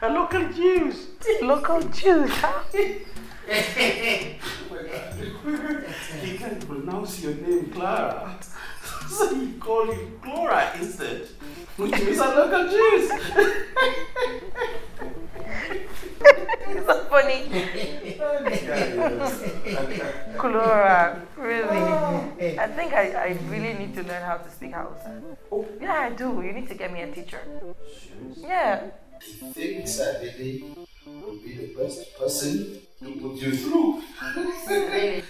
A local Jews. local Jews. he can't pronounce your name, Clara. so he called you Clara instead, which means a local Jews. It's so funny. Clara, really. I think I, I really need to learn how to speak Hausa. Oh. Yeah, I do. You need to get me a teacher. Yeah they I believe will be the best person to put you through.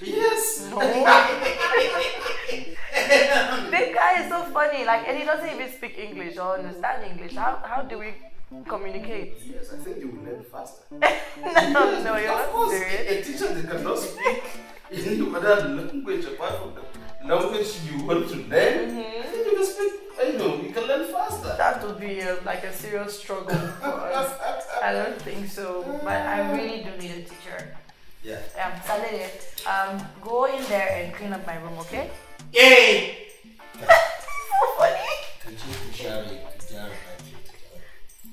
yes. this guy is so funny, like, and he doesn't even speak English or understand English. How, how do we communicate? Yes, I think you will learn faster. no, no, you're of course, A teacher that cannot speak any other language apart from the language you want to learn, mm -hmm be a, like a serious struggle for us. I don't think so, but I really do need a teacher. Yeah. Yeah, Salene, um, go in there and clean up my room, okay? Yay! so funny.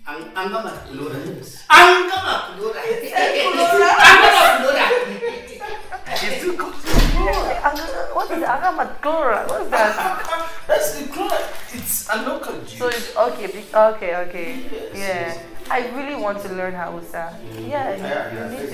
I'm, I'm gonna upload this. I'm gonna upload it. I'm gonna upload it. It's too good. What is that? What's that? the It's a local juice. So it's okay, okay, okay. Yes, yeah. Yes. I really want to learn Hausa. Mm. Yeah, yeah, yeah.